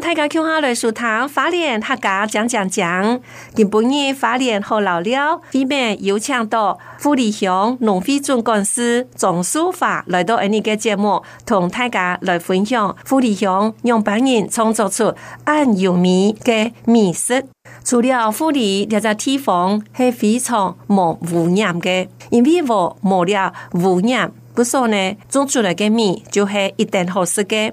大家看下雷書堂花蓮客家講講講，原本嘅花蓮好老了，地面有搶到富里鄉農會總幹事張素華來到呢個節目，同大家來分享富里鄉用百年創造出咁有名嘅美食，除了富里呢個地方是非常冇污染嘅，因為我冇了污染，不說呢種出來嘅米就係一定好食嘅。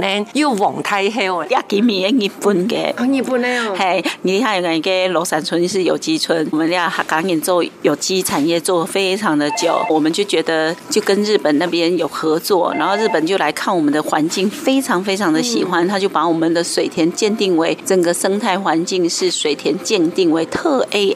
要黃太黑香、哦，要給你一分本嘅，咁日本咧，哦，係、哦，你睇下人家羅山村是有機村，我們倆啊趕緊做有機產業做非常的久，我們就覺得就跟日本那邊有合作，然後日本就來看我們的環境，非常非常的喜歡，嗯、他就把我們的水田鑑定為整個生態環境是水田鑑定為特 A。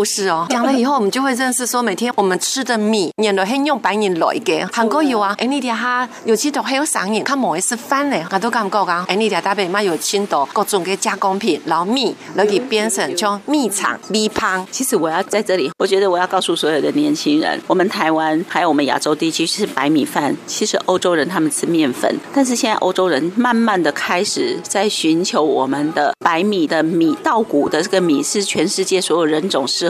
不是哦，講了以後我們就會認識說，每天我們吃的米，原來是用白銀來的。韓國有啊，哎、嗯欸，你睇下，有雞頭還有上意，看冇次飯呢？我都講過 n 哎，d 睇下台北嘛有青島各種的加工品，然後米，嗯、然後變成叫米腸、嗯嗯、米棒香。其實我要在這裏，我覺得我要告訴所有的年輕人，我們台灣還有我們亞洲地區是白米飯，其實歐洲人他們吃麵粉，但是現在歐洲人慢慢的開始在尋求我們的白米的米稻穀的這個米，是全世界所有人種是。